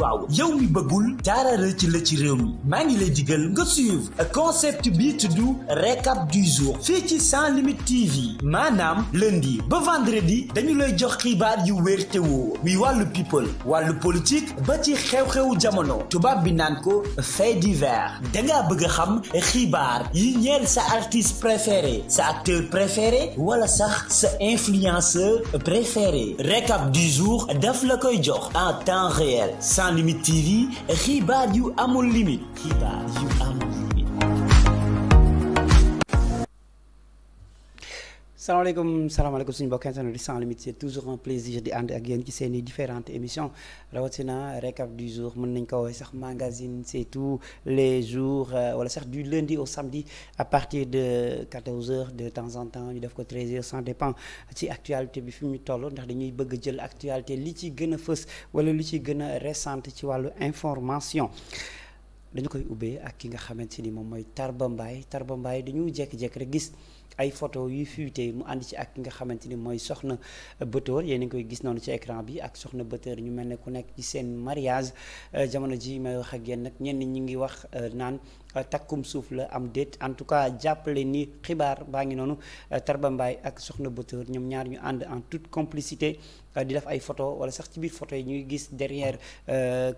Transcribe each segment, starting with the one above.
waaw yow mi bëggul dara rëcc la ci réew mi maa ngi lay digal nga suivre concept bii tudd récap du jour fii ci sans limite TV maanaam lundi ba vendredi dañu lay jox xibaar yu wér te woo muy wàllu people wàllu politique ba ci xew-xewu jamono tubaab bi naan ko fait divers dangaa bëgg a xam xibaar yi ñeel sa artiste préféré sa acteur préféré wala sax sa influenceur préféré récap du jour daf la koy jox en temps réel sans limite TV xibaar yu amul limite xibaar yu amul. salaamaaleykum salaamaaleykum suñu mbokk internet di sans limite c'est toujours un plaisir di ànd ak yéen ci seeni i différentes émissions rawatina récap du jour mën nañ ko woowee sax magazine c'est tous les jours euh, wala sax du lundi au samedi à partir de 14 heures de temps en temps ñu def ko 13 heures ça dépend ci actualité bi fi mu toll ndax dañuy bëgg jël actualité li ci gën a fës wala li ci gën a récente ci wàllu information dañu koy ubbee ak ki nga xamante ni moom mooy Tarba Mbaye Tarba Mbaye dañu jékki rek gis. ay photo yu fuité mu ànd ci ak ki nga xamante ni mooy soxna bëtóor yéen a ngi koy gis noonu ci écran bi ak soxna bëtóor ñu mel ne ku nekk ci seen mariage euh, jamono ji may wax ak yéen nag ñenn ñi ngi wax euh, naan Euh, takkum suuf la am déet en tout cas jàppale ni xibaar baa ngi noonu euh, Tarba Mbaye ak Soxna Bator ñoom ñaar ñu ànd en toute complicité euh, di def ay photo wala sax ci biir photo yi ñuy gis derrière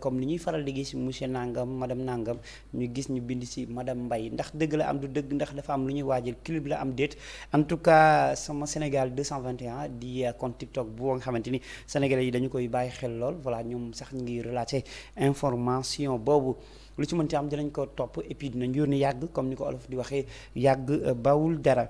comme li ñuy faral di gis monsieur Nangam madame Nangam ñu gis ñu bind si madame mbay ndax dëgg la am du dëgg ndax dafa am lu ñuy waajal clip la am déet en tout cas sama Sénégal 221 di compte TikTok bu nga xamante ni sénégalais yi dañu koy bàyyi xel lool voilà ñoo sax ñu ngi relaté information boobu. lu ci mën ci am dinañ ko topp et puis dinañ ni yàgg comme ni ko olof di waxee yàgg euh, bawul dara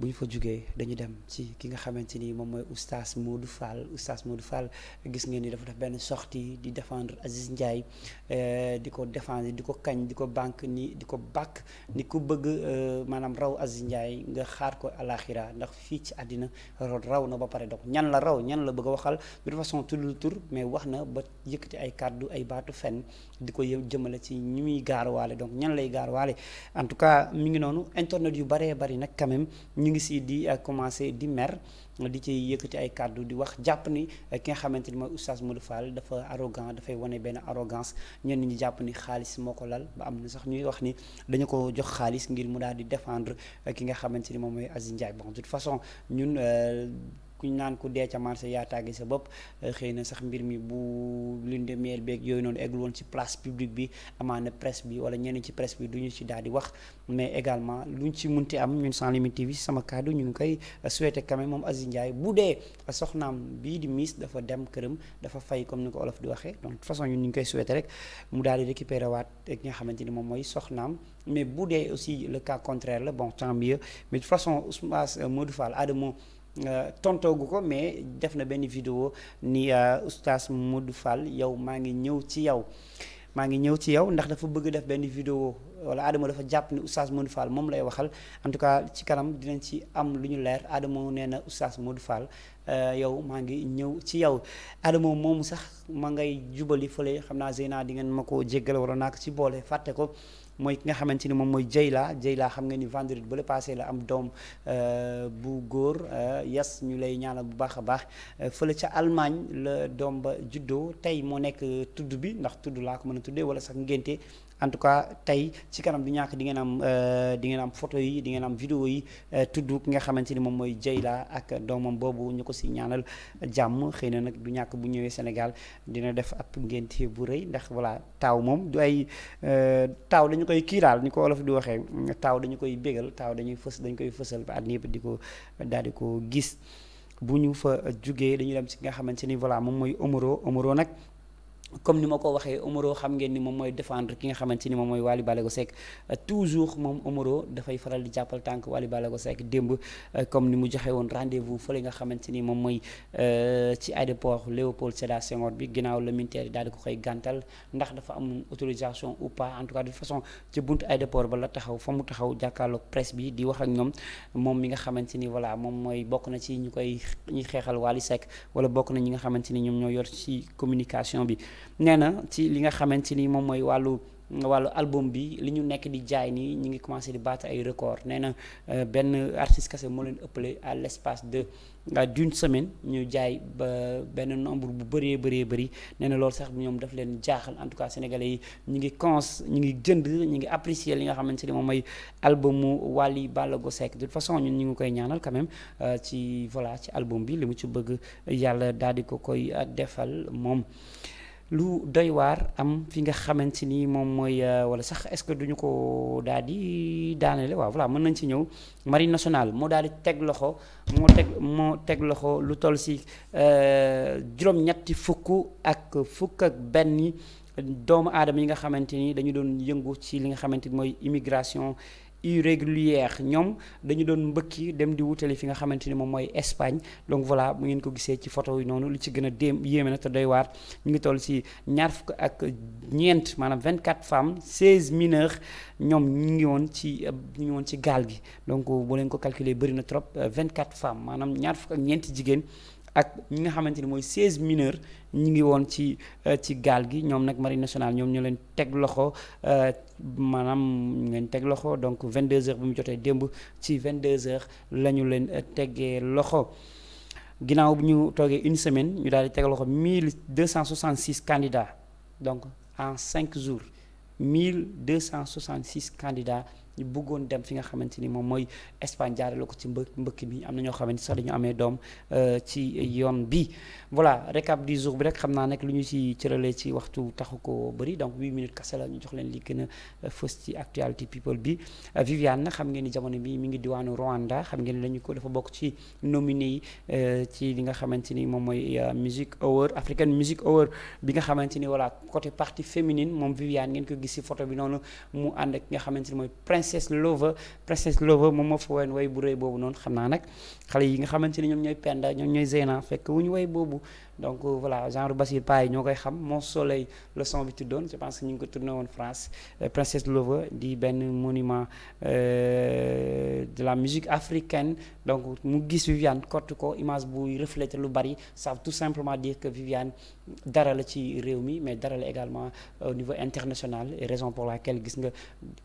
bu ñu fa jugee dañu dem ci ki nga xamante ni moom mooy oustaz Modou Fall oustaz Modou Fall gis ngeen ni dafa def benn sortie di défendre Aziz Ndiaye euh, di ko défendre di ko kañ di ko banque ni di ko bàkk ni ko bëgg euh, maanaam raw Aziz Ndiaye nga xaar ko alaxira ndax fii ci àddina raw na ba pare donc ñan la raw ñan la bëgg a waxal de toute façon tuddul tur mais wax na ba yëkkati ay kàddu ay baatu fenn di ko yë jëmale ci ñi muy gaar gaarawaale donc ñan lay gaarawaale en tout cas mi ngi noonu internet yu baree bari nag quand ñu ngi si di euh, commencé di mer di ci yëkkati ay kàddu di wax jàpp ni euh, ki nga xamante ni mooy oustaz Modou Fall dafa arrogant dafay wone benn arrogance ñenn ñi jàpp ni xaalis moo ko lal ba am na sax ñuy wax ni dañu ko jox xaalis ngir mu daal di défendre euh, ki nga xamante ni moom mooy Aziz Ndiaye bon de toute façon ñun kuñ naan ku dee ca marché yaa tàggi sa bopp euh, xëy na sax mbir mi bu lune de miel beeg yooyu noonu eggul woon ci place publique bi amaana presse bi wala ñenn ci presse bi du ñu ci daal wax mais également luñ ci munti am ñun sans limite TV sama kàddu ñu ngi koy euh, souhaité quand même moom Aziz Ndiaye bu dee euh, soxnaam bii di miss dafa dem këram dafa fay comme ni ko olof di waxee donc de toute façon ñun ñu ngi koy souhaité rek mu daal di ak nga xamante ni moom mooy soxnaam mais bu dee aussi la bon tant mieux Euh, tontoogu ko mais def na benn vidéo ni euh, oustaz Modou Fall yow maa ngi ñëw ci yow maa ngi ñëw ci yow ndax dafa bëgg def benn vidéo wala Adama dafa jàpp ni oustaz Modou moom lay waxal en tout cas ci kanam dinañ ci am lu ñu leer Adama nee na oustaz Modou Fall euh, yow maa ngi ñëw ci yow Adama moomu sax ma ngay jubali fële xam naa Zeyna di ngeen ma ko jéggal wala naa ko ci boole fàtte ko mooy ki nga xamante ni moom mooy Jeyla laa xam nga ni vendredi ba la passé la am doom euh, bu góor euh, yas ñu lay ñaanal bu baax a baax euh, fële ca Allemagne la doom ba juddoo tey moo nekk tudd bi ndax tudd laa ko mën a tuddee wala sax ngénte en tout cas tey ci kanam du ñàkk di ngeen am di ngeen am photo yi di ngeen am vidéo yi tudd ki nga xamante ni moom mooy Jeyla ak doomam boobu ñu ko si ñaanal jàmm xëy na nag du ñàkk bu ñëwee Sénégal dina def ab ngénte bu rëy ndax voilà taaw lañu koy daal ni ko wolof di waxee taaw dañu koy bégal taaw dañuy fës dañu koy fësal ba at ñëpp di ko daal di ko gis bu ñu fa jugee dañu dem si nga xamante ni voilà moom mooy Omoro Omoro nag comme ni ma ko waxee Omaro xam ngeen ni moom mooy defendre ki nga xamante ni moom mooy Waly Balago Seck euh, jours moom Omaro dafay faral di jàppal tànk Waly Balago Seck démb euh, comme ni mu joxe woon rendez-vous fële nga xamante ni moom mooy euh, ci aéroport Léopold Sédar Senghor bi ginnaaw la militaire yi daal di ko koy gàntal ndax dafa am autorisation ou en tout cas de façon ci buntu aéroport ba la taxaw fa mu taxaw jàkkaarloog presse bi di wax ak ñoom moom mi nga xamante ni voilà moom mooy bokk na ci ñu koy ñi xeexal Waly Seck wala bokk na ñi nga xamante ni ñoom ñoo yor ci communication bi. nee na ci li nga xamante ni moom mooy wàllu wàllu album bi li ñu nekk di jaay nii ñu ngi commencé di battre ay record nee na euh, benn artiste kese moo leen ëppale à l'espace de euh, d'une semaine ñu jaay ba benn nombre bu bëree bëree bëri nee na loolu bi ñoom daf leen jaaxal en tout cas sénégalais yi ñu ngi cons ñu ngi jënd ñu ngi apprécier li nga xamante ni moom mooy albumu Wally Ballago Seck de toute façon ñun ñu ngi koy ñaanal quand même euh, ci voilà ci album bi li ci bëgg yàlla daal di ko koy defal moom. lu doy am fi nga xamante ni moom mooy euh, wala sax est-ce que duñu ko daal di daanale waaw voilà mën nañ ci ñëw mari nationale moo daal di teg loxo moo teg moo teg loxo lu toll si euh, juróom-ñetti fukk ak fukk ak benn doomu aadama yi nga xamante ni dañu doon yëngu ci li nga xamante ni mooy immigration irrégulière ñoom dañu doon mbëkki dem di wutale fi nga xamante ni moom mooy Espagne donc voilà bu ngeen ko gisee ci photo yi noonu lu ci gën a dém yéeme na te doy waar ñu ngi toll si ñaar fukk ak ñeent maanaam 24 femmes 16 mineurs ñoom ñu ngi woon ci ñu ci gaal gi donc boo leen ko calculer bëri na trop 24 euh, femmes maanaam ñaar fukk ak ñeenti jigéen ak ñi nga xamante ni mooy 16 mineurs ñu ngi woon ci euh, ci gaal gi ñoom nag marine nationale ñoom ñu leen teg loxo euh, maanaam ngeen teg loxo donc vingt 22h bi mu jotee démb ci 22h la ñu leen tegee loxo. ginnaaw bu ñu toogee une semaine ñu daal di teg loxo 1266 candidats donc en cinq jours cent 1266 candidats. ñu bëggoon dem fi nga xamante ni moom mooy Espagne jaarale ko ci mbëkk bi am na ñoo xamante sax dañu amee doom euh, ci yoon bi voilà récap du jour bi rek xam naa nag lu ñu ci cëralee ci waxtu taxu ko bëri donc 8 minutes kese la ñu jox leen li gën a euh, fës ci actualité people bi euh, Viviane xam ngeen ni jamono bi mu ngi diwaanu Rwanda xam ngeen ni ko dafa bokk ci nominé yi ci li nga xamante ni moom mooy Music Award African Music Award bi nga ni voilà côté partie féminine moom Viviane ngeen ko gis ci Princess Lover Princess Lover moom moo fa woyoon way bu rëy boobu noonu xam naa nag xale yi nga xamante ni ñoom ñooy Penda ñoom ñooy Zeyna fekk wu ñu way boobu donc voilà genre Basir Paa yi ñoo koy xam Mon Soleil le son bi tuddoon je pense que ñu ngi ko tourné woon France euh, Princesse Lover di benn monument euh, de la musique africaine donc mu gis Viviane kott ko image buy reflété lu bari ça tout simplement dire que Viviane dara la ci réew mi mais dara la également euh, au niveau international et raison pour laquelle gis nga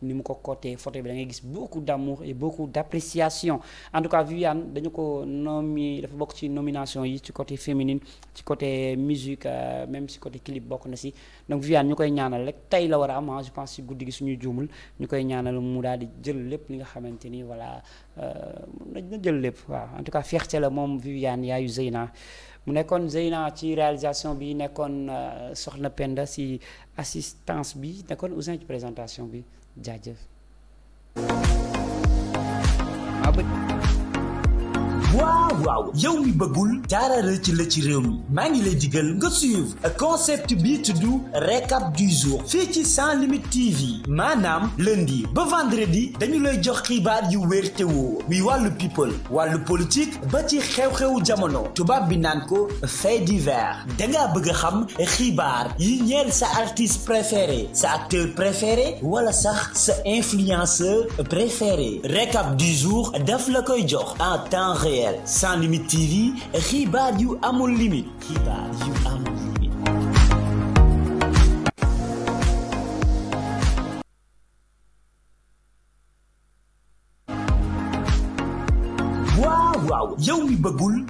ni mu ko côté photo bi da gis beaucoup d'amour et beaucoup d'appréciation en tout cas Viviane dañu ko nomi dafa bokk ci nomination yi ci côté féminine si côté musique euh, même si côté clip bokk na si donc Viviane ñu koy ñaanal rek tey la war a am je pense si guddi gi suñuy juumul ñu koy ñaanal mu daal di jël lépp li nga xamante ni voilà na euh, na jël lépp waaw en tout cas fierté la moom Viviane yaayu Zeyna mu nekkoon Zeyna ci réalisation bi nekkoon euh, Soxna Penda si assistance bi nekkoon Ousin ci présentation bi jaajëf. waaw yow mi bëggul dara rëcc la ci réew mi maa ngi lay digal nga suivre concept bii tudd récap du jour fii ci sans limite TV maanaam lundi ba vendredi dañu lay jox xibaar yu wér te woo muy wàllu people wàllu politique ba ci xew xew jamono tubaab bi naan ko fait divers dangaa bëgg a xam xibaar yi ñeel sa artiste préféré sa acteur préféré wala sax sa influenceur préféré récap du jour daf la koy jox en temps réel sans limite TV xibaar yu amul limite xibaar yu amul limite. waaw waaw yow mi bëggul.